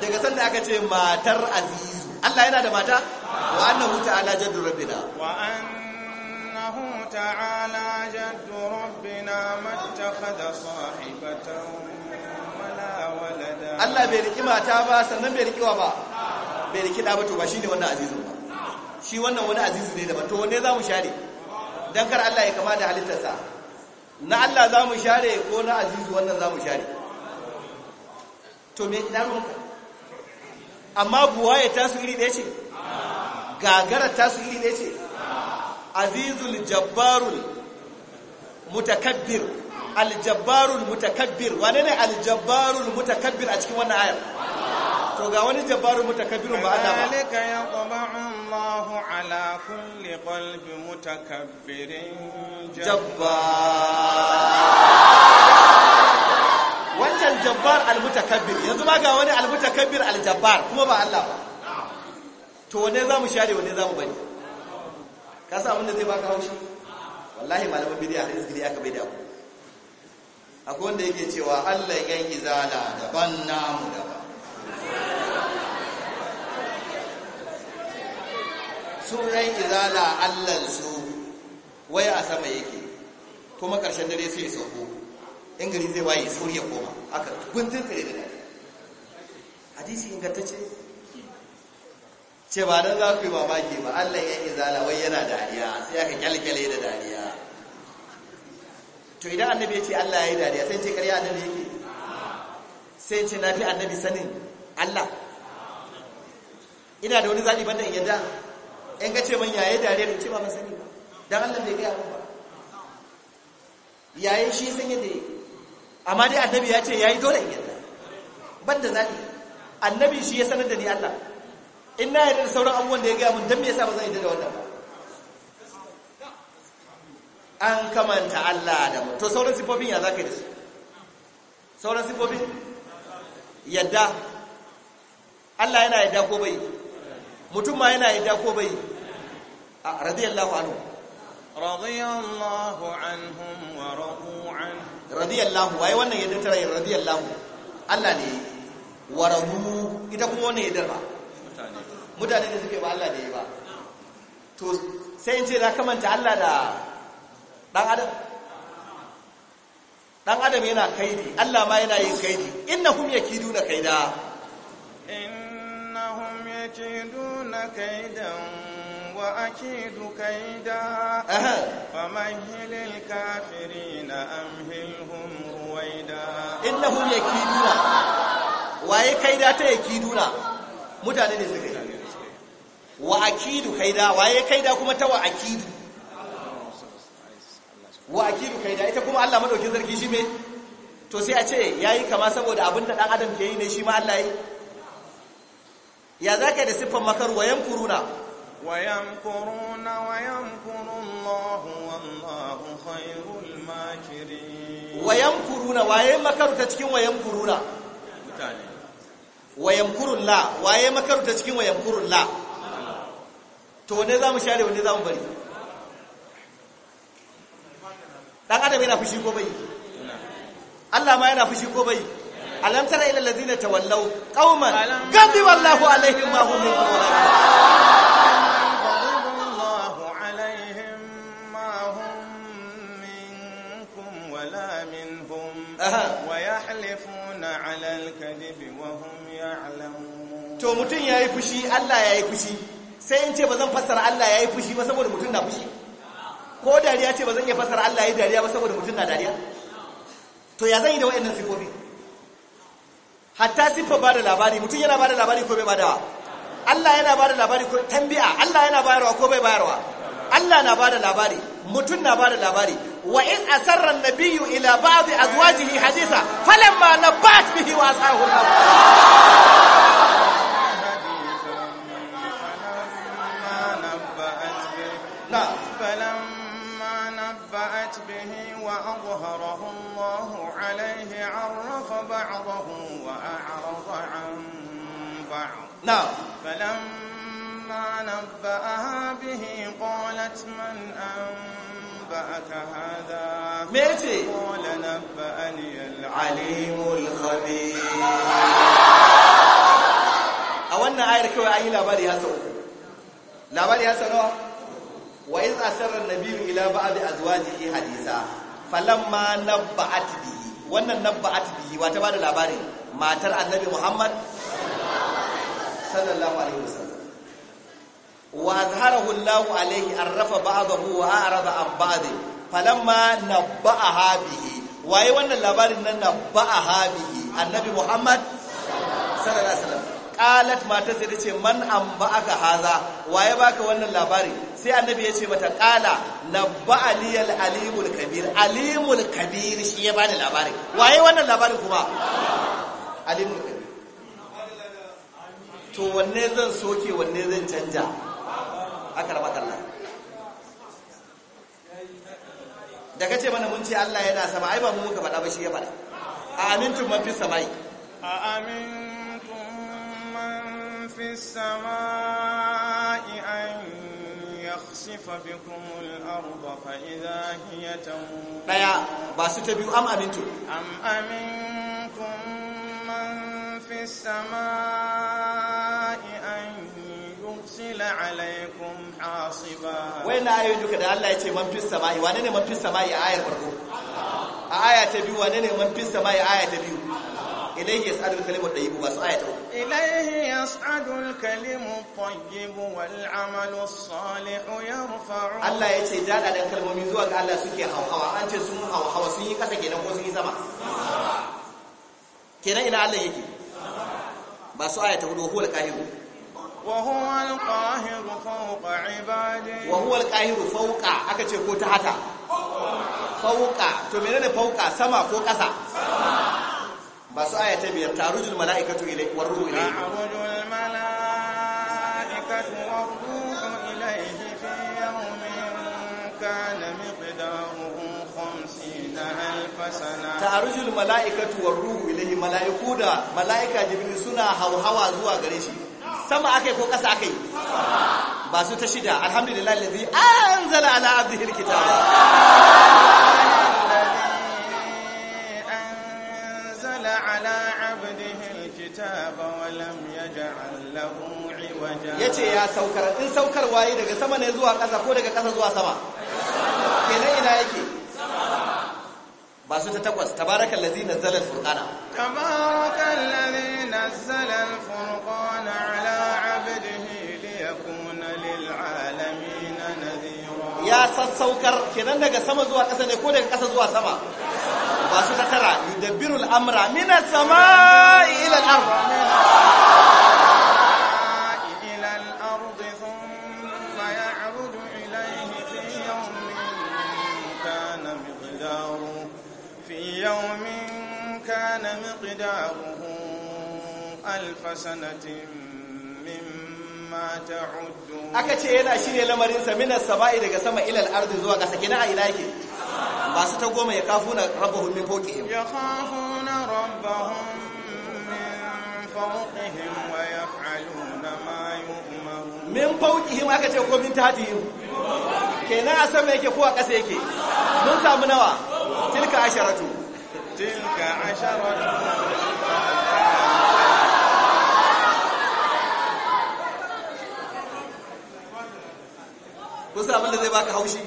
daga sanda aka ce matar azizu Allah yana da mata wa annahu ta'ala jaddu rabbina wa annahu ta'ala jaddu rabbina mattakhadha sahibatan wala Allah bai riki mata ba sannan bai riki wa ba bai riki da to ba shine wannan azizu shi wannan wani azizu ne daban to wanne zamu share dan Allah ya kama da halittarsa na Allah zamu share ko na azizu wannan zamu share to me idan amma buwaye ta su iri ɗaya gagara yi ne ce azizul jabbarul mutakabbir aljabbarul mutakabbir wane ne aljabbarul mutakabbir a cikin wannan ayar to ga wani jabbarul mutakabbir ba Allah ba alaka yaqba'u Allahu ala kulli qalbi mutakabbirin jabbar wancan jabbar almutakabbir yanzu ba ga wani almutakabbir aljabbar kuma ba Allah ba to wane za mu share wane za mu bari ka sa abinda zai baka haushi wallahi malaman bidiya a izgiri aka bai da ku akwai wanda yake cewa allah yan izala daban namu daban su yan izala allansu waya a sama yake kuma ƙarshen dare sai ya sauko in gari zai waye suriya ya koma aka guntun kare da hadisi ingantacce ce ba don za ku yi mamaki ba allah ya izala wai yana dariya sai aka kyalkyale da dariya to idan annabi ya ce allah ya yi dariya sai ce karya annabi yake sai ce na fi annabi sanin allah ina da wani zaɓi banda in yadda in ka ce man yaye dariya da ce ba sani ba don allah bai gaya ba yayin shi sun yi da yi amma dai annabi ya ce ya yi dole in yadda banda zaɓi annabi shi ya sanar da ni allah in na da sauran abubuwan da ya gaya mun ya me yasa ba zan yarda da wannan an kamanta Allah da mu to sauran sifofin ya zaka yi da su sauran sifofin yadda Allah yana yadda ko bai mutum ma yana yadda ko bai A radiyallahu anhu radiyallahu anhum wa radu an radiyallahu wai wannan yadda tare radiyallahu Allah ne wa radu ita kuma wannan yadda ba mutane da suke ba Allah da yi ba to sai in ce za ka manta Allah da ɗan adam ɗan adam yana kaidi Allah ma yana yin kaidi innahum na kaida na kaida, wa kaida fa man hilil kafirina فمهل الكافرين أمهلهم رويدا إنهم يكيدون waye kaida ta yakiduna mutane ne suke. wa akidu kaida waye kaida kuma ta wa akidu wa akidu kaida ita kuma Allah madaukin sarki shi me to sai a ce yayi kama saboda abinda dan adam ke yi ne shi ma Allah yi ya zaka da siffan makar wayan kuruna wayan kuruna wayan kurullahu wallahu khairul makirin wayan kuruna waye makar ta cikin wayan kuruna wa wayan kurulla waye makar ta cikin wayan kurulla to wanne za mu share wanne za mu bari dan adam yana fushi ko bai Allah ma yana fushi ko bai alam tara ila allazina tawallaw qauman gadi wallahu alaihim ma hum min ويحلفون على الكذب وهم يعلمون to mutun yayi fushi Allah yayi fushi sai in ce ba zan fassara Allah ya yi fushi ba saboda mutum na fushi ko dariya ce ba zan iya fassara Allah ya yi dariya ba saboda mutum na dariya to ya zan yi da waɗannan sifofi hatta siffa ba da labari mutum yana ba da labari ko bai ba da Allah yana ba da labari ko tambiya Allah yana bayarwa ko bai bayarwa Allah na ba da labari mutum na ba da labari wa in asarra nabiyyu ila ba'd azwajihi haditha falamma nabat bihi wa asahu أظهره الله عليه عرف بعضه وأعرض عن بعض نعم فلما نبأها به قالت من أنبأك هذا ميتي قال نبأني العليم الخبير a wannan ayar kawai an labari ya sau labari ya sau nawa wa iz ila falamma nabba'at bihi wannan nabba'at bihi wata bada labarin matar annabi Muhammad sallallahu alaihi wasallam wa azharahu Allahu alaihi arrafa ba'dahu wa a'rada an ba'd falamma nabba'aha bihi waye wannan labarin nan nabba'aha bihi annabi Muhammad sallallahu alaihi wasallam matar sai tace man an haza waye baka wannan labarin sai annabi ya ce mata kala nabba aliyal alimul kabir alimul kabir shi ya bani labarin waye wannan labarin kuma alimul kabir to wanne zan soke wanne zan canja aka raba kallon da kace mana mun ce Allah yana sama ai ba mu muka faɗa ba shi ya faɗa a amintum man fis samai a amintum man fis samai yaksifa bikum al-ardha fa idha hiya tamur ba su ta biyu am amintu am aminkum man fi samai an yusila alaykum asiba wai na ayu duka da Allah ya ce man fi samai wane ne man fi samai ayar farko a aya ta biyu wane ne man fi samai aya ta biyu ilaihi yas'adul kalimu tayyibu ba su ta Ilayhi ilaihi yas'adul kalimu tayyibu wal amalu salihu yarfa'u Allah ya ce dada dan kalmomi zuwa ga Allah suke hawhawa an ce sun hawhawa sun yi kasa kenan ko sun yi sama kenan ina Allah yake ba su aya ta hudu huwal qahiru wa al qahiru fawqa ibadihi wa al qahiru fawqa aka ce ko ta hata fawqa to menene fawqa sama ko ƙasa Basu aya ta biyar tarujul mala'ikatu ilai ilai mala'ikatu ilai mala'iku da mala'ika jibril suna hauhawa zuwa gare shi sama akai ko kasa akai ba su ta shida alhamdulillah allazi anzala ala abdihi alkitaba على عبده الكتاب ولم يجعل له عوجا yace ya saukar in saukar waye daga sama ne zuwa kasa ko daga kasa zuwa sama kenan ina yake ba ta takwas tabarakal ladzi nazzala al-furqana tabarakal ladzi nazzala al-furqana ala 'abdihi liyakuna nadhira ya sassaukar kenan daga sama zuwa kasa ne ko daga kasa zuwa sama masu ta tara yudabbirul amra minas sama'i ila al-ard يوم كان مقداره ألف سنة مما تعدون أكتش هنا شيري لمرين سمين السماء إذا قسم إلى الأرض زوا قسكنا إلى كي ba su ta goma ya kafu na rabbahum min fawqihim ya kafu na rabbahum min fawqihim wa na mayu umaru min fawqihim aka ce ko min tahtihim ke a sama mai ke a kasa yake mun samu nawa tilka asharatu tilka asharatu kusa abinda da zai baka haushi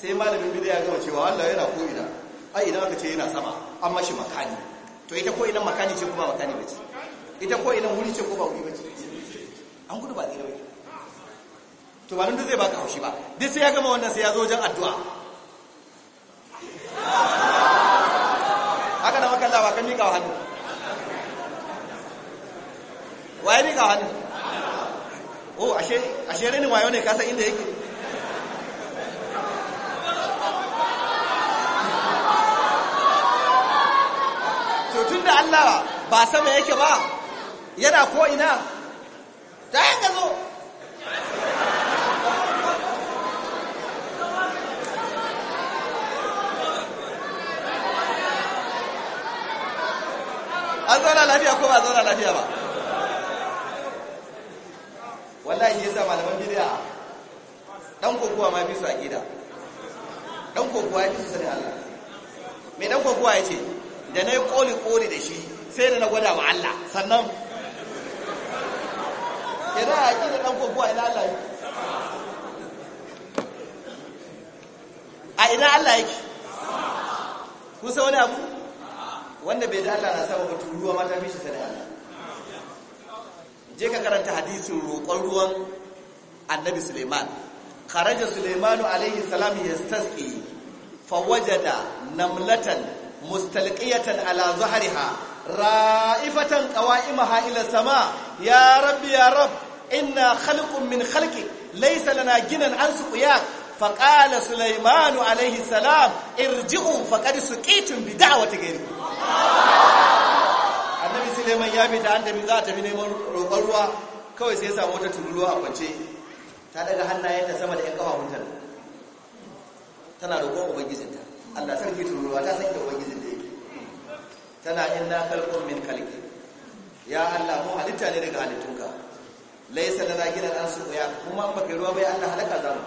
sai malamin bid'a ya gama cewa Allah yana ko ina ai idan aka ce yana sama an mashi makani to ita ko ina makani ce kuma makani bace ita ko ina wuri ce wuri ba ce bace an gudu ba zai ba to ba nan da zai baka haushi ba duk sai ya gama wannan sai ya zo wajen addu'a haka na makalla ba ka mika wa hannu waye ni wa hannu oh ashe ashe reni wayo ne ka san inda yake Allah ba sama yake ba yana ko ina ta yanka zo an zauna lafiya ko ba zauna lafiya ba wallahi yasa malaman bid'a dan kokowa ma bi a gida, dan kokowa ya fi su Allah me dan kokowa ya ce da na yi koli-koli da shi sai da na gwada wa Allah sannan yana yaƙi da ɗan a ina Allah yake a ina Allah yake sa wani abu wanda bai da Allah na sama mutu ruwa mata fi shi sa da je ka karanta hadisin roƙon ruwan annabi suleiman kharaja suleimanu alaihi salam yastasqi fawajada namlatan mustalqiyatan ala zahriha ra'ifatan qawa'imaha ila sama ya rabbi ya rabb inna khalqun min khalqi laysa lana ginan an suqiyak فقال Alayhi عليه irji'u ارجعوا فقد سقيتم بدعوة غيركم annabi suleiman ya fita an tafi za ta bi neman roƙon ruwa kawai sai ya samu wata tururuwa a kwance ta daga hannayenta sama da 'yan ƙafafunta tana roƙon ubangijinta Allah sarki tururuwa ta san da ubangijin da yake tana na-kalkon min kalki ya Allah mu halitta ne daga halittunka laysa lana gina an su ya kuma ba kai ruwa bai Allah halaka zamu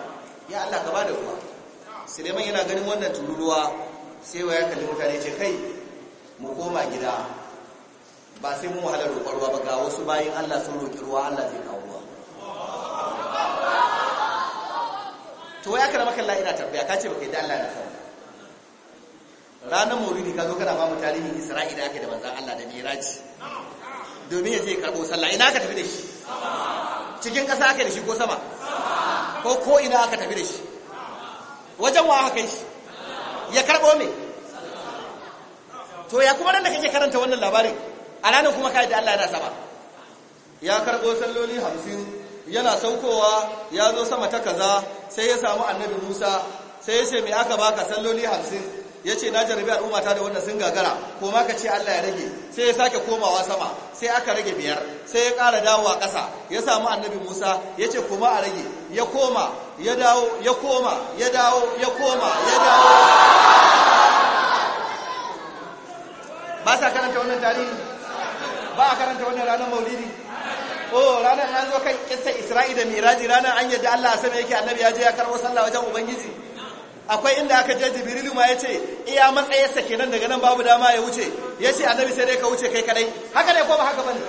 ya Allah ka da ruwa Suleiman yana ganin wannan tururuwa sai waya kalli mutane ce kai mu koma gida ba sai mu wahalar roƙar ruwa ba ga wasu bayin Allah sun roƙi ruwa Allah zai kawo ruwa to waya kana maka Allah ina tafiya ka ce baka yi da Allah na kawo ranar mauridi ka zo kana ba mu tarihin isra'i da aka da manzan Allah da miraji domin ya je karɓo sallah ina aka tafi da shi cikin ƙasa aka da shi ko sama ko ko ina aka tafi da shi wajen wa aka shi ya karɓo me to ya kuma nan da kake karanta wannan labarin a ranar kuma ka da Allah yana sama ya karɓo salloli hamsin yana saukowa ya zo sama ta kaza sai ya samu annabi musa sai ya ce me aka baka salloli hamsin ya ce na jarabi al'ummata da wanda sun gagara ko ma ka ce Allah ya rage sai ya sake komawa sama sai aka rage biyar sai ya ƙara dawowa ƙasa ya samu annabi Musa ya ce kuma a rage ya koma ya dawo ya koma ya dawo ya koma ya dawo ba sa karanta wannan tarihi ba a karanta wannan ranar maulidi oh ranar an zo kan kisa Isra'i da Miraji ranar an yadda Allah a sama yake annabi ya je ya karɓo sallah wajen Ubangiji akwai inda aka je jibrilu ma ce iya matsayarsa kenan daga nan babu dama ya wuce ya ce annabi sai dai ka wuce kai kadai haka ne ko ba haka bane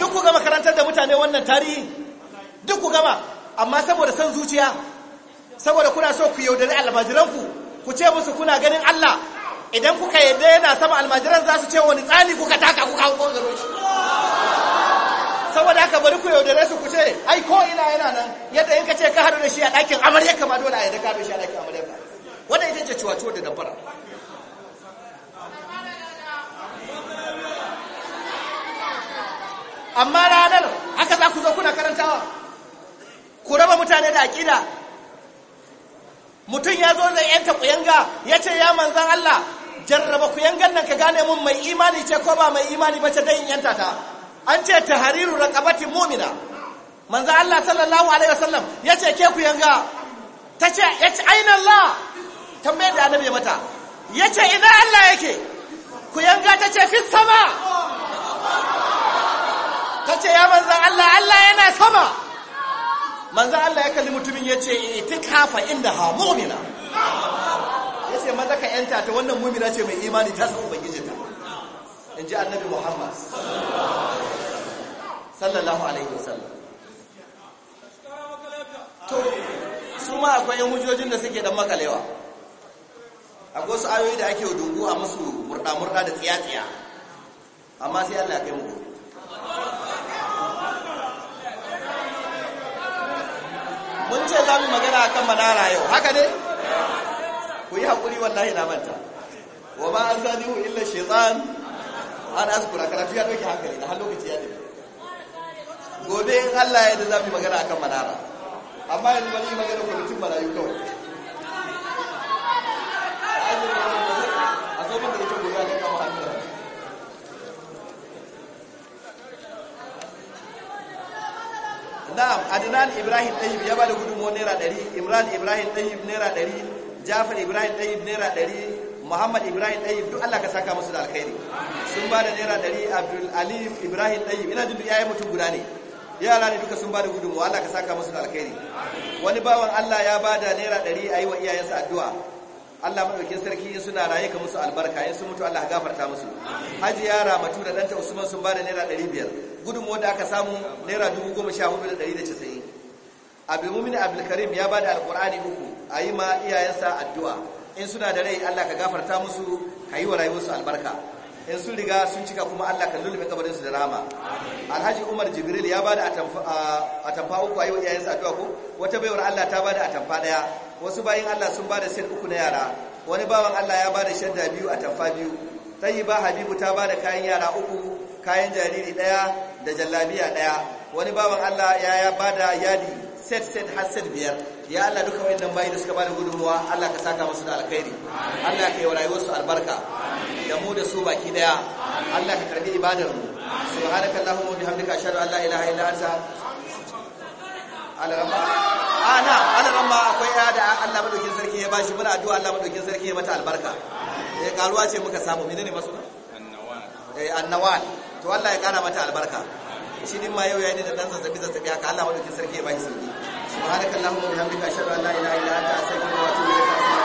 duk ku gama karantar da mutane wannan tarihi duk ku gama amma saboda san zuciya saboda kuna so ku yaudari almajiranku ku ce musu kuna ganin Allah idan kuka yadda yana sama almajiran za su ce wani tsani kuka taka kuka hanko garo saboda haka bari ku yaudare su ku ce ai ko ina yana nan yadda in ka ce ka haɗu da shi a ɗakin amarya kama dole a yadda ka haɗu da shi a ɗakin amarya ba wannan ita ce ciwaciwa da dabara amma ranar aka za ku zo kuna karantawa ku raba mutane da aƙida mutum ya zo da yanta kuyanga ya ce ya manzan Allah jarraba kuyangan nan ka gane mun mai imani ce ko ba mai imani ba ce in yanta ta an ce tahariru raqabatin mu'mina manzo Allah sallallahu alaihi wasallam yace ke ku yanga tace yace aina Allah tambaye da annabi mata yace ina Allah yake ku yanga tace fi sama tace ya manzo Allah Allah yana sama manzo Allah ya kalli mutumin yace itikafa inda ha mu'mina yace maza ka yanta ta wannan mu'mina ce mai imani ta sa ubangi in ji annabi muhammad sallallahu alaihi wasallam to su ma akwai yan hujjojin da suke dan makalewa akwai wasu ayoyi da ake dubu a musu murda-murda da tsiya-tsiya amma sai allah ya kai mu mun ce za mu magana akan madara manara yau haka ne ku yi haƙuri wallahi na manta wa ma an zanihu illa shaitan an azkura karatu ya doke hankali da har lokaci ya tafi gobe in Allah ya da zafi magana akan manara amma yanzu wani yi magana kwamitin marayu kawai na'am adnan ibrahim tayyib ya bada gudunmuwa naira 100 imran ibrahim tayyib naira 100 jafar ibrahim tayyib naira 100 Muhammad Ibrahim Tayyib duk Allah ka saka musu da alkhairi sun ba da naira ɗari Abdul Alif Ibrahim Tayyib ina jin yi mutum guda ne yara ne duka sun ba da gudunmu Allah ka saka musu da alkhairi wani bawan Allah ya ba da naira a yi wa iyayensa addu'a Allah madaukin sarki in suna raye ka musu albarka in sun mutu Allah gafarta musu Haji yara matu da danta Usman sun ba da naira biyar. gudunmu da aka samu naira 14190 Abdul Mumin Abdul Karim ya ba da alqur'ani uku ayi ma iyayensa addu'a in suna da rai Allah ka gafarta musu ka yi wa rayuwarsu albarka in sun riga sun cika kuma Allah ka lulluɓe kabarinsu da rama alhaji umar jibril ya ba bada atamfa uku a yi wa iyayensa a ko wata baiwar Allah ta bada atamfa daya wasu bayan Allah sun ba da sai uku na yara wani bawan Allah ya bada shadda biyu atamfa biyu ba habibu ta bada kayan yara uku kayan jariri daya da jallabiya daya wani bawan Allah ya ya da yadi set set har set biyar ya Allah duka wayannan bayi da suka bada gudunmuwa Allah ka saka musu da alkhairi Allah ka yi rayuwar su albarka da mu da su baki daya Allah ka karbi ibadar mu subhanakallahumma wa bihamdika ashhadu an la ilaha illa anta alarama ana alarama akwai ya da Allah madaukin sarki ya bashi muna addu'a Allah madaukin sarki ya mata albarka eh karuwa ce muka samu menene masu annawal eh annawal to Allah ya kara mata albarka shi din ma yau ya da dan zazzabi zazzabi haka Allah madaukin sarki ya ba shi sauki subhanakallahumma wa bihamdika ashhadu an la ilaha illa anta astaghfiruka wa atubu ilaik